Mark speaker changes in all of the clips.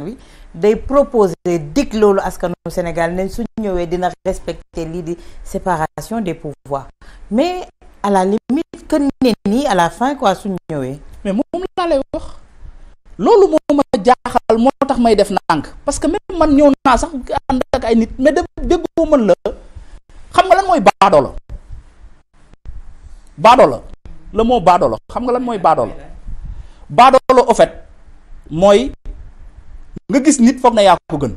Speaker 1: bi day proposer dig loolu askanu Sénégal ne su ñëwee dina respecter lii di séparation des pouvoirs mais à la limite ne nii à la fin quoi su ñëwee. mais moom laa lay wax loolu moo ma jaaxal moo
Speaker 2: tax may def nànk parce que même man ñëw naa sax ànd ay nit mais dé déggoo mën la xam nga lan mooy baadoo la la moo mot xam nga lan mooy baadoo la baadoo mooy. nga gis nit foog na yaa ko gën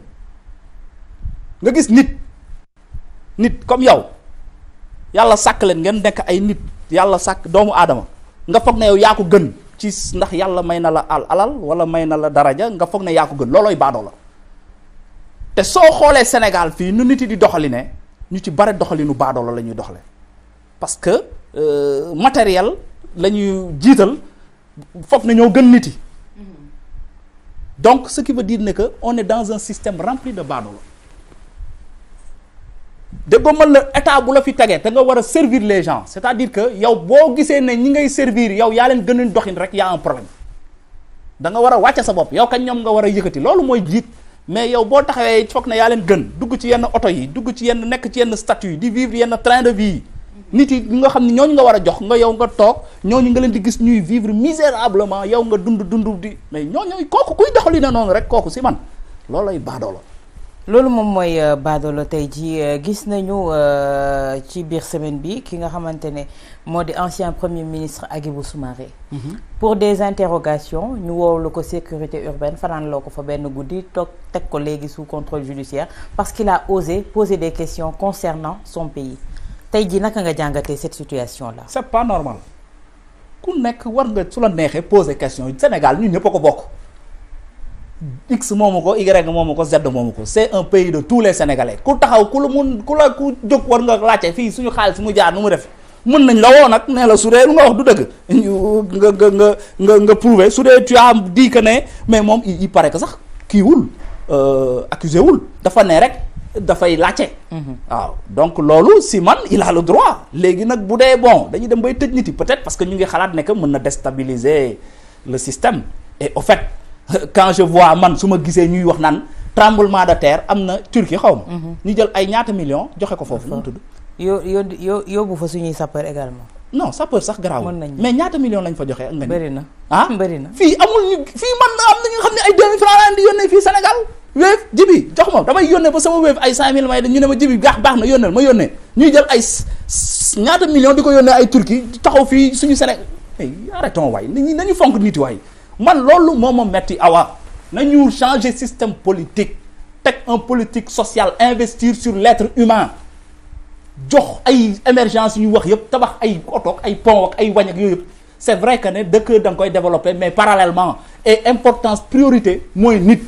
Speaker 2: nga gis nit nit comme yow yàlla sàkk leen ngeen nekk ay nit yàlla sàkk doomu aadama nga foog na yow yaa ko gën ci ndax yàlla may na la al alal wala may na la daraja nga foog na yaa ko gën loolooy baadoo la te soo xoolee senegal fii nu niti di doxali ne ñu ci bare doxalinu baadoo la la ñuy doxale parce que euh, matériel la ñuy jiital foog na ñoo gën nit yi donc ce qui veut dire ne que on est dans un système rempli de baadoolo de ba mën la état bu la fi tegee te nga war a servir les gens c'est-à-dire que yow boo gisee ne ñi ngay servir yow yaa leen gën a doxin rek yaa un problème da nga war a wàcce sa bopp yow kañ ñoom nga war a yëkkati loolu mooy jiit mais yow boo taxawee foog na yaa leen gën dugg ci yenn oto yi dugg ci yenn nekk ci yenn statut di vivre yenn train de vie yi nit yi nga xam ne ñooñu nga war a jox nga yow nga toog ñooñu nga leen di gis ñuy vivre misérablement yow nga dund dund di mais ñooñu kooku kuy doxali na noonu rek kooku si man loolu lay baadoolo
Speaker 1: loolu moom mooy euh, baadoolo tey ji euh, gis nañu euh, ci biir semaine bi ki nga xamante ne moo di ancien premier ministre Hadjibou Soumaré mhm. pour des interrogations ñu woolu ko sécurité urbaine fanaan loo ko fa benn guddi toog teg ko léegi sous contrôle judiciaire parce qu'il a osé poser des questions concernant son pays tey jii naka nga jàngatee cette situation la c'est pas normal ku nekk war nga su la neexee poser question Sénégal ñun ñëpp a ko bokk X
Speaker 2: moomu ko Y moomu ko Z moomu ko c'est un pays de tous les Sénégalais ku taxaw ku la mun ku la ku jóg war nga laajte fii suñu xaalis mu jaar nu mu def. mën nañ la woo nag nee la su dee lu nga wax du dëgg nga nga nga nga nga prouver su dee tu dii dit que mais moom il pare que sax kii wul euh, accusé wul dafa ne rek. dafay laajte. waaw donc loolu si man il a le droit léegi nag bu dee bon dañuy dem bay tëj nit yi peut-être parce que ñu ngi xalaat ne mën na déstabiliser le système et au quand je vois man su ma gisee ñuy wax naan tremblement de terre am na Turquie xaw ma. Mhm. ñu jël ay ñaata millions joxe ko foofu. nu tudd
Speaker 1: yo yo yóbbu fa suñuy sapeur également. non sapeur sax garaaw mais ñaata million lañ fa joxe na ah bëri na. fii amul ñu fii man am na ñu xam ne ay 2000 francs lañ
Speaker 2: di wéef jibi jox ma damay yónnee ba sama wéef ay 5000 may ñu ne ma jibi baax baax na yónneel ma yónnee ñuy jël ay ñaata million di ko yónnee ay turki taxaw fii suñu Sénégal mais arrêtons waay nit ñi nañu fonk nit waay man loolu moo ma metti awa nañu changer système politique teg un politique sociale investir sur l'être humain jox ay émergence yu wax yëpp tabax ay otoog ay pont ay wañ ak yooyu yëpp c'est
Speaker 1: vrai que ne dëkk da koy développer mais parallèlement importance priorité mooy nit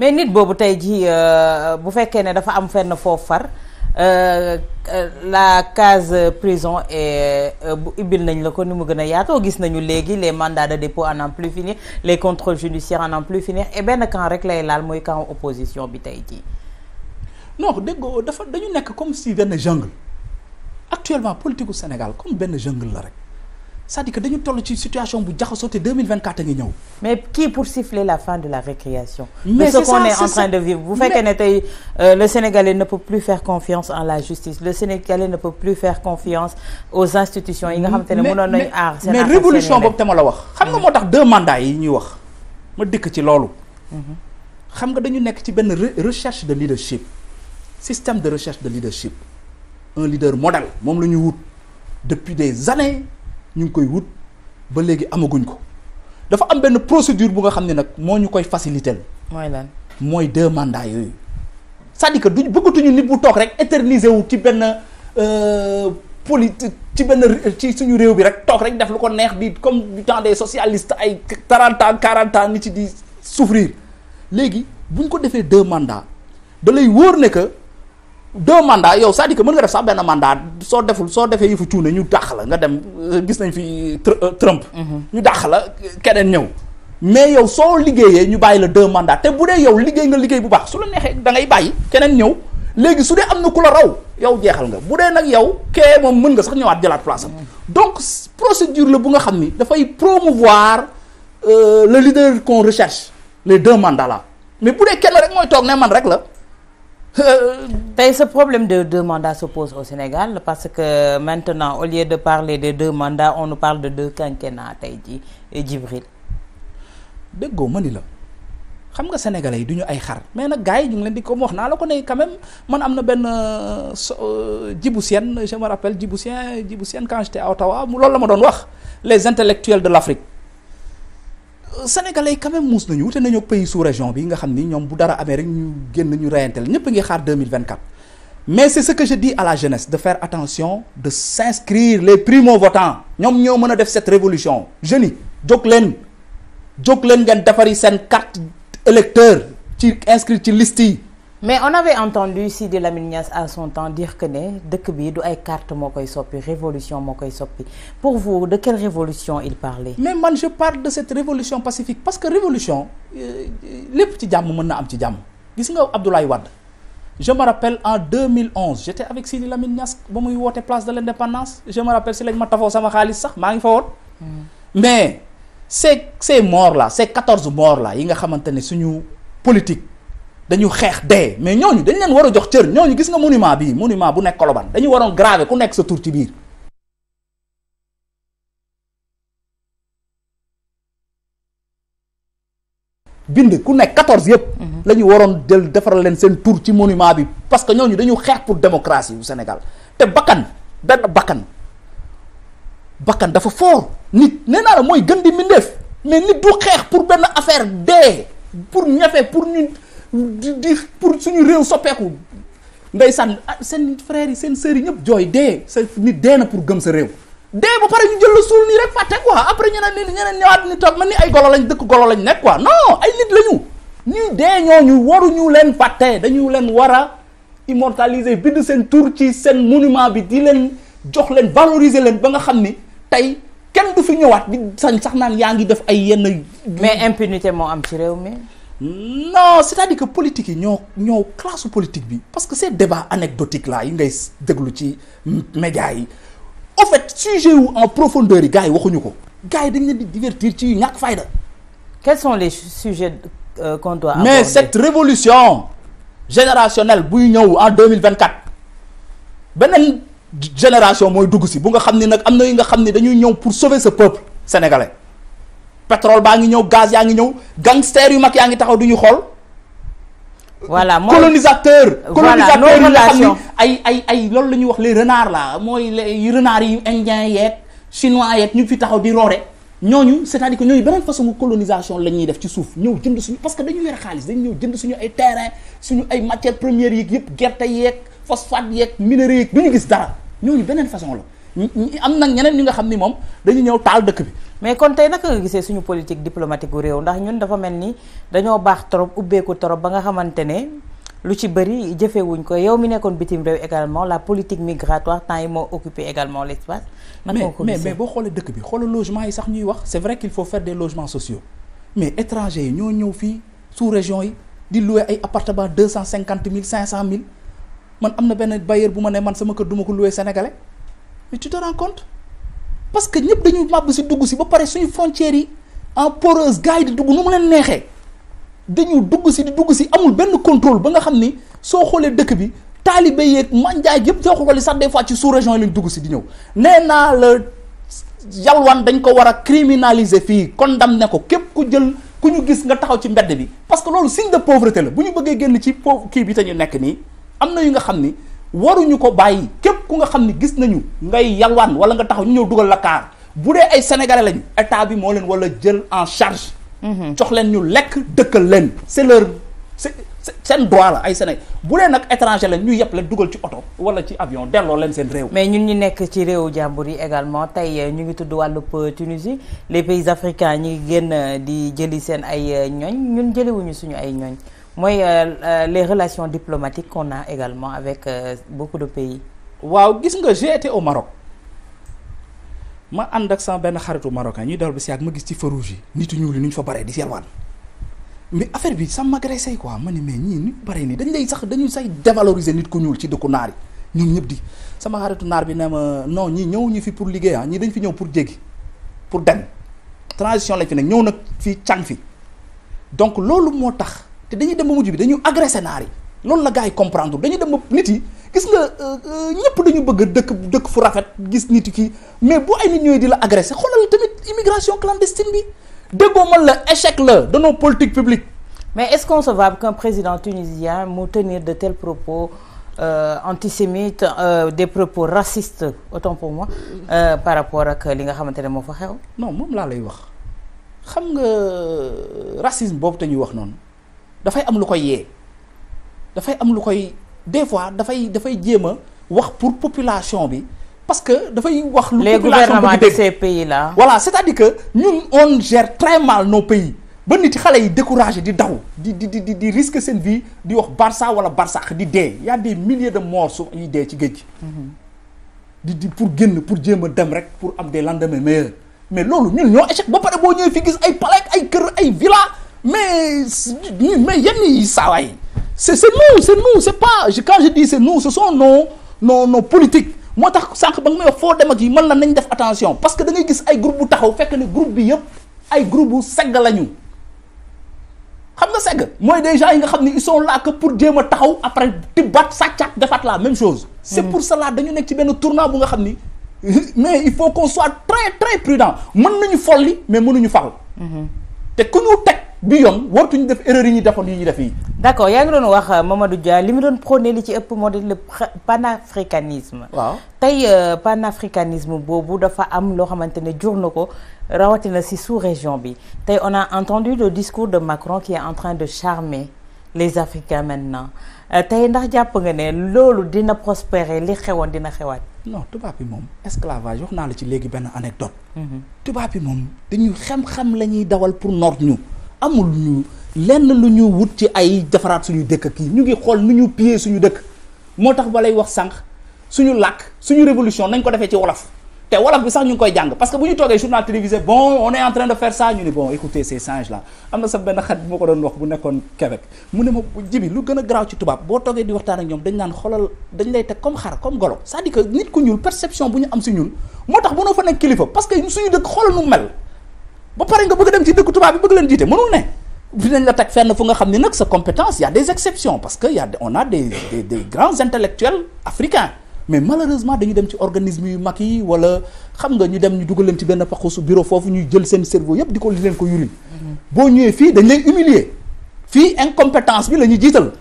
Speaker 1: mais nit boobu tey jii euh, bu fekkee ne dafa am fenn foofu far euh, euh, la case prison et bu ibbil nañ la ko ni mu gën a yaatoo gis nañu léegi les mandats de dépôt à n'en plus finir les contrôles judiciaires à n'en plus finir et benn camp rek lay laal mooy camp opposition bi tey jii.
Speaker 2: non déggoo dafa dañu nekk comme si benn jungle actuellement politique gu Sénégal comme benn jungle la rek. c'est-à-dire
Speaker 1: que dañu toll ci situation bu jaxasoo te 2024 a ngi ñëw. mais qui pour siffler la fin de la récréation. mais c'est ça ce qu'on est en train de vivre bu fekkee ne tey euh, le Sénégalais ne peut plus faire confiance en la justice le Sénégalais ne peut plus faire confiance aux institutions yi nga xamante ne mënoon nañu aar. mais révolution boobu
Speaker 2: te ma la wax. xam nga moo tax deux mandats yi ñuy wax ma dëkk ci loolu. Mhm. xam nga dañu nekk ci benn recherche de leadership système de recherche de leadership un leader modèle moom la ñu wut depuis des années. ñu ngi koy wut ba léegi amaguñ ko dafa am benn procédure bu nga xam ne nag moo ñu koy faciliter. mooy lan mooy deux mandats yooyu c'est-à-dire duñ bëggatuñu nit bu toog rek éterniser wu ci benn euh, politique ci benn ci suñu réew bi rek toog rek def lu ko neex di comme du temps des socialistes ay 30 ans 40 ans nit ci di souffrir léegi buñ ko defee deux mandats da lay wóor ne deux mandats yow c'est-à-dire mën nga def sax benn mandat soo deful soo defee yëfu cuune ñu dàq la nga dem gis nañ fi euh, Trump. Mhm. ñu dàq la keneen ñëw. mais yow soo liggéeyee ñu bàyyi la deux mandats te bu dee yow liggéey nga liggéey bu baax su la neexee da ngay bàyyi keneen ñëw léegi su dee am na ku la raw yow jeexal nga bu dee nag yow kee moom mën nga sax ñëwaat jëlaat place am. Mhm. donc procédure la bu nga xam ni dafay promouvoir euh, la leader qu'on recherche les deux mandats
Speaker 1: là mais bu dee kenn rek toog ne man rek la. Euh, tey sa problème de deux mandats se pose au Sénégal parce que maintenant au lieu de parler de deux mandats on nous parle de deux quinquennats tey ji Djibril
Speaker 2: déggoo ma ni la xam nga sénégalais yi du ñu ay xar mais nag gars yi ñu ngi leen di comme wax naa la ko ne quand man am na benn euh, euh, djiboutienne seen me rappelle djiboutien djiboutienne quand j'étais à Ottawa mu loolu la ma doon wax les intellectuels de l'Afrique sénégalais yi quand même muus nañu wute nañu ak pays sous région bi nga xam ni ñoom bu dara amee rek ñu génn ñu reyanteel ñëpp a ngi xaar 2024 mais c'est ce que je dis à la jeunesse de faire attention de s'inscrire les primo votants ñoom ñoo mën a def cette révolution jeunes yi jóg leen jóg leen ngeen defari seen carte électeur ci inscrit ci liste yi
Speaker 1: mais on avait entendu Sidi Lamine Niass à son temps dire que ne dëkk bi du ay carte moo koy soppi révolution moo koy soppi pour vous de quelle révolution il parlait mais man je parle de cette révolution pacifique parce que révolution
Speaker 2: euh, lépp ci jàmm mën na am ci jàmm gis nga Abdoulaye Wade je me rappelle en 2011 j'étais avec Sidi Lamine Niass ba muy woote place de l'indépendance je me rappelle si lañ ma tafoo sama xaalis sax maa ngi fa woon hmm. mais ces ces morts là ces quatorze morts là yi nga xamante ne suñu politique dañu xeex dee mais ñi dañ leen war a jox cër ñooñu gis nga monument bi monument bu nekk Colobane dañu waroon gravé ku nekk sa tur ci biir. bind ku nekk quatorze yëpp. Mhm. lañuy waroon del defaral leen seen tur ci monument bi parce que ñooñu dañu xeex pour démocratie bu senegal te bakkan benn bakkan bakkan dafa fort nit nee la mooy gën di mbindeef mais nit du xeex pour benn affaire dee pour ñafe pour ñu. di di pour suñu réew soppeeku ndeysaan ah, seen frères yi seen sœurs yi ñëpp jooy dee sa nit dee na pour gëm sa réew. dee ba pare ñu jël la suul nii rek fàtte quoi après ñeneen nit ñeneen ñëwaat ni toog man ni ay golo lañ dëkk golo lañ nekk quoi non ay nit lañu ñuy dee ñooñu waruñu leen fàtte dañu leen war a immortaliser bind seen tur ci seen monument bi di leen jox leen valoriser leen ba nga xam ni tey. kenn du fi ñëwaat di sañ sax naan yaa ngi def ay yenn. mais impunité moo am ci réew mi. non c'est-à-dire que politique yi ñoo ñoo classe politique bi parce que ces débats anecdotiques là yi ngay déglu ci médias yi en fait sujet wu en profondeur yi gars yi waxuñu ko.
Speaker 1: gars yi dañ leen di divertir ci ñàkk fayda. quels sont les sujets euh, qu'on doit aborder mais cette
Speaker 2: révolution générationnelle buy ñëw en deux mille vingt quatre beneen génération mooy dugg si bu nga xam ni nag am na yi nga xam ni dañuy ñëw pour sauver sa peuple sénégalais. pétrole baa ngi ñëw gaz yaa ngi ñëw gangster yu mag yaa ngi taxaw duñu ñu xool.
Speaker 1: voilà mooy colonisateur. colonisateur yi nga xam ni
Speaker 2: ay ay ay loolu la ñuy wax les renards là mooy les renards yi indien yeeg chinois yeeg ñu fi taxaw di roore. ñooñu c'est-à-dire que ñooñu beneen façon colonisation la ñuy def ci suuf ñëw jënd suñu parce que dañu yore xaalis dañu ñëw jënd suñu ay terrain suñu ay matières premières yeeg yëpp gerte yeeg phosphate yeeg
Speaker 1: minéraux yeeg du gis dara ñooñu beneen façon la. am nag ñeneen ñi nga xam ni moom dañu ñëw taal dëkk bi mais kon tey naka nga gisee suñu politique diplomatique gu réew ndax ñun dafa mel ni dañoo baax trop ubbeeku trop ba nga xamante ne lu ci bari bëri jëfewuñ ko yow mi nekkoon bitim réew également la politique migratoire temps yi moo occupé également l'espace naka nga mais mais boo xoolee dëkk bi xoola logement
Speaker 2: yi sax ñuy wax c'est vrai qu'il faut faire des logements sociaux mais étrangers yi ñoo ñëw fii sous région yi di louer ay appartement deux cinquante mille cinq cent mille man am na benn bailleur bu ma sama kër duma ko louer sénégalais mais tu te rends compte parce que ñëpp dañuy màbb si dugg si ba pare suñu frontières yi en poreuse gars yi di dugg nu mu leen neexee dañu dugg si di dugg si amul benn contrôle ba nga xam ni soo xoolee dëkk bi taalibe yeeg manjaay yëpp soo xoolee sax des fois ci sous région yi lañ dugg si di ñëw nee naa la yalwaan dañ ko war a criminaliser fii condamné ko képp ku jël ku ñu gis nga taxaw ci mbedd bi parce que loolu signe de pauvreté la bu ñu bëggee génn ci pauvre kii bi te ñu nekk nii am na yu nga xam ni waruñu ko bàyyi ku nga xam ne gis nañu ngay yalwaan wala nga taxaw ñu ñëw dugal la kaar bu dee ay sénégalais lañu état bi moo leen wala jël en charge. Mhm. jox leen ñu lekk dëkkal leen c'est leur c'est seen droit la ay Sénégal bu dee nag étranger la ñu yëpp la dugal ci oto wala ci avion delloo leen seen réew.
Speaker 1: mais ñun ñu nekk ci réew jàmbur yi également tey euh, ñu ngi tudd wàllub euh, Tunisie les pays africains ñu ngi génn euh, di jëli seen ay ñooñ ñun jëliwuñu suñu ay ñooñ mooy les relations diplomatiques qu'on a également avec beaucoup de pays. waaw gis nga j'étais au Maroc ma ànd ak sama benn xaritu
Speaker 2: marocain ñuy dawal ba si ak ma gis ci feu rouge yi nit ñuul yi nu ñu fa baree di seelwaan mais affaire bi ça m'agressait quoi ma ni mais ñii nit bare nii dañ lay sax dañuy sax dévaloriser nit ku ñuul ci dëkku naar yi ñëpp di sama xaritu naar bi ne ma non ñii ñëw ñu fi pour liggéey ah ñii dañ fi ñëw pour jéggi pour dem transition lañ fi nag ñëw nag fii càng fi donc loolu moo tax te dañuy dem ba mujj bi dañuy agressé naar yi loolu la gars yi comprendre dañuy dem ba nit yi. gis nga euh, ñëpp dañu bëgg dëkk dëkk fu rafet gis nit ki mais bu ay nit ñooy di la agressé xoolal tamit
Speaker 1: immigration clandestine bi déggoo man la échec la de nos politiques mais est-ce concevable qu'un président tunisien mu tenir de tels propos euh, antisémites euh, des propos racistes autant pour moi euh, par rapport ak li nga xamante ne moo fa xew. no moom laa lay wax
Speaker 2: xam nga racisme boobu te ñuy wax noonu dafay am lu koy yee dafay am lu koy. des fois dafay dafay jéem a wax pour population bi parce que dafay wax. lu population bi les gouvernements de ces que ñun on gère très mal nos pays ba nit xale yi découragé di daw di di di di risque seen vie di wax Barça wala Barsax di dee y a milliers de morts su yi dee ci géej. Mm-hmm. di di pour génn pour jéem a dem rek pour am des lendemains mais loolu ñun ñoo échec ba pare boo ñëwee fi gis ay palais ay kër ay villa mais mais yi saawaay. c'est c'est nous c'est nous c'est quand je dis c'est nous ce sont nos nos nos politiques moo tax sànq ba nga may wax foo dem ak yi mën la nañ def attention parce que da ngay gis ay groupe bu taxaw fekk ne groupe bi yëpp ay groupe bu segg lañu xam nga segg mooy des yi nga xam ne il sont là pour jéem a taxaw après tibbaat sàccaat defaat la même chose. c'est hmm. pour cela dañu nekk ci benn tournant bu nga xam ni mais il faut qu'on soit très très prudent mën
Speaker 1: nañu folli mais mënuñu fal. Hmm. bi yoon wartuñu def erreur yi ñu defoon yi ñu def yi d'accord yaa ngi doon wax euh, Mamadou Dia li mu doon prôné li ci ëpp moo le panafricanisme waaw tey euh, panafricanisme boobu dafa am loo xamante ne jur na ko rawatina si sous-région bi tey on a entendu le discours de Macron qui est en train de charmer les Africains maintenant euh, tey ndax jàpp nga ne loolu dina prospérer li xewoon dina xewaat non tubaab bi moom esclavage wax naa la ci léegi benn anecdote mhm.
Speaker 2: xam la ñuy dawal pour noot amul ñu lenn lu ñu wut ci ay defaraat suñu dëkk kii ñu ngi xool nu ñu piyee suñu dëkk moo tax balay wax sànq suñu làkk suñu révolution nañ ko defee ci wolof te wolof bi sax ñu ngi koy jàng parce que toogee journal télévisé bon on est en train de faire ça ñu ni bon écoutez ces singes là am na sa benn xarit bu ma ko doon wax bu nekkoon Québec mu ne ma jibi lu gën a garaaw ci tubaab boo toogee di waxtaan ak ñoom dañ naan xolal dañ lay teg comme xar comme golo c'est-à-dire que nit ku ñuul perception bu ñu am si ñun moo tax mënoo fa nekk kilifa parce que suñu dëkk xoolal ba pare nga bëgg dem ci dëkk tubaab bi bëgg leen jiite mënul ne dinañ la teg fenn fu nga xam ni nag sa compétence y a des exceptions parce que y a on a des grands intellectuels africains mais malheureusement dañu dem ci organisme yu mag yi wala xam nga ñu dem ñu dugal ci benn paxusu bureau foofu ñuy jël seen cerveau yépp di ko li leen ko yulin mhm. boo ñëwee fii dañ lay humilier fii incompétence bi la ñuy jiital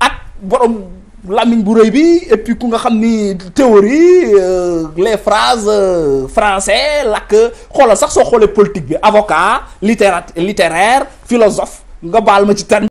Speaker 2: ak borom làmmiñ bu rëy bi et puis ku nga xam ni théorie euh, les phrases euh, français làkk xoolal sax soo xoolee politique bi avocat littérat littéraire philosophe nga baal ma ci terme